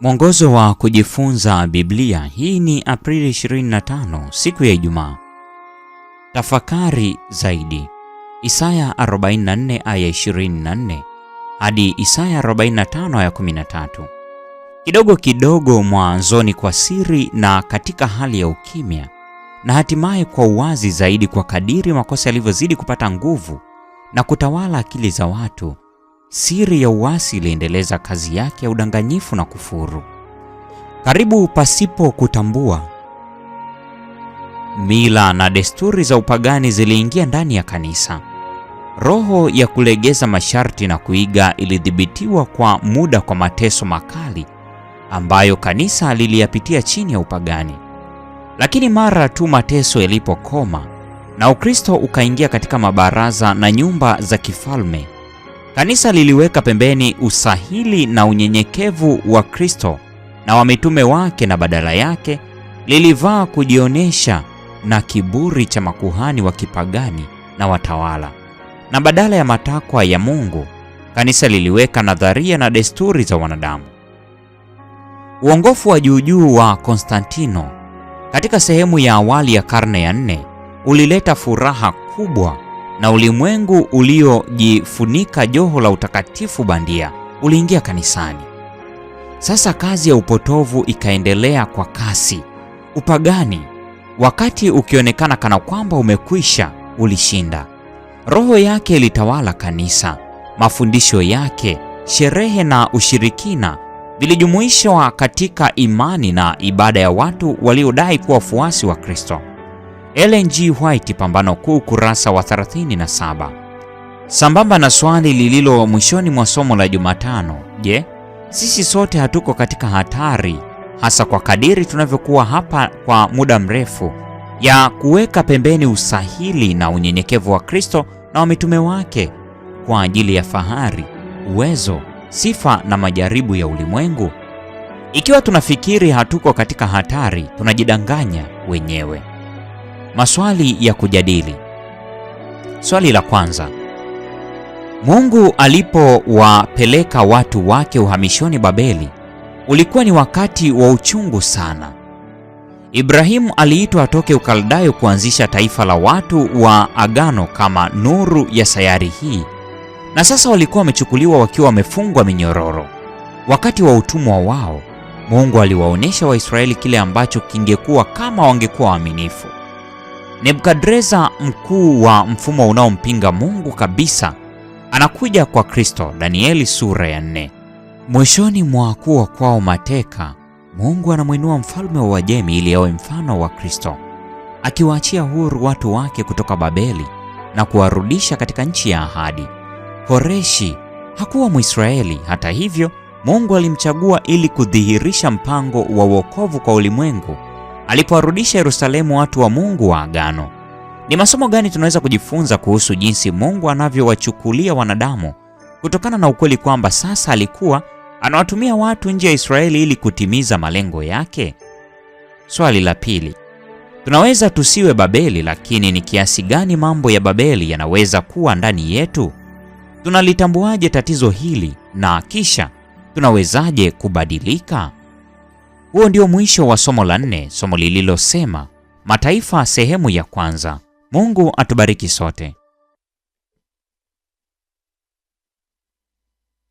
Mwongozo wa kujifunza Biblia. Hii ni Aprili 25, siku ya Ijumaa. Tafakari zaidi. Isaya 44 aya 24 hadi Isaya 45 aya 13. Kidogo kidogo, mwanzoni kwa siri na katika hali ya ukimya, na hatimaye kwa uwazi zaidi, kwa kadiri makosa yalivyozidi kupata nguvu na kutawala akili za watu siri ya uasi iliendeleza kazi yake ya udanganyifu na kufuru, karibu pasipo kutambua. Mila na desturi za upagani ziliingia ndani ya kanisa. Roho ya kulegeza masharti na kuiga ilidhibitiwa kwa muda kwa mateso makali ambayo kanisa liliyapitia chini ya upagani. Lakini mara tu mateso yalipokoma na Ukristo ukaingia katika mabaraza na nyumba za kifalme, Kanisa liliweka pembeni usahili na unyenyekevu wa Kristo na wa mitume wake na badala yake lilivaa kujionyesha na kiburi cha makuhani wa kipagani na watawala. Na badala ya matakwa ya Mungu, kanisa liliweka nadharia na desturi za wanadamu. Uongofu wa juujuu wa Konstantino katika sehemu ya awali ya karne ya nne ulileta furaha kubwa na ulimwengu uliojifunika joho la utakatifu bandia uliingia kanisani. Sasa kazi ya upotovu ikaendelea kwa kasi. Upagani, wakati ukionekana kana kwamba umekwisha, ulishinda. Roho yake ilitawala kanisa. Mafundisho yake, sherehe na ushirikina vilijumuishwa katika imani na ibada ya watu waliodai kuwa wafuasi wa Kristo. Ellen G. White, Pambano Kuu, kurasa wa 37. Sambamba na swali lililo mwishoni mwa somo la Jumatano, je, sisi sote hatuko katika hatari, hasa kwa kadiri tunavyokuwa hapa kwa muda mrefu, ya kuweka pembeni usahili na unyenyekevu wa Kristo na wa mitume wake kwa ajili ya fahari, uwezo, sifa na majaribu ya ulimwengu? Ikiwa tunafikiri hatuko katika hatari, tunajidanganya wenyewe. Maswali ya kujadili. Swali la kwanza. Mungu alipowapeleka watu wake uhamishoni Babeli, ulikuwa ni wakati wa uchungu sana. Ibrahimu aliitwa atoke Ukaldayo kuanzisha taifa la watu wa agano kama nuru ya sayari hii, na sasa walikuwa wamechukuliwa wakiwa wamefungwa minyororo. Wakati wa utumwa wao, Mungu aliwaonyesha Waisraeli kile ambacho kingekuwa kama wangekuwa waaminifu. Nebukadreza mkuu wa mfumo unaompinga Mungu kabisa anakuja kwa Kristo, Danieli sura ya nne. Mwishoni mwa kuwa kwao mateka, Mungu anamwinua mfalme wa Uajemi ili awe mfano wa Kristo, akiwaachia huru watu wake kutoka Babeli na kuwarudisha katika nchi ya ahadi. horeshi hakuwa Mwisraeli. Hata hivyo, Mungu alimchagua ili kudhihirisha mpango wa wokovu kwa ulimwengu alipowarudisha Yerusalemu watu wa Mungu wa agano. Ni masomo gani tunaweza kujifunza kuhusu jinsi Mungu anavyowachukulia wanadamu kutokana na ukweli kwamba sasa alikuwa anawatumia watu nje ya Israeli ili kutimiza malengo yake? Swali la pili, tunaweza tusiwe Babeli, lakini ni kiasi gani mambo ya Babeli yanaweza kuwa ndani yetu? Tunalitambuaje tatizo hili na kisha tunawezaje kubadilika? Huo ndio mwisho wa somo la nne, somo lililosema mataifa sehemu ya kwanza. Mungu atubariki sote.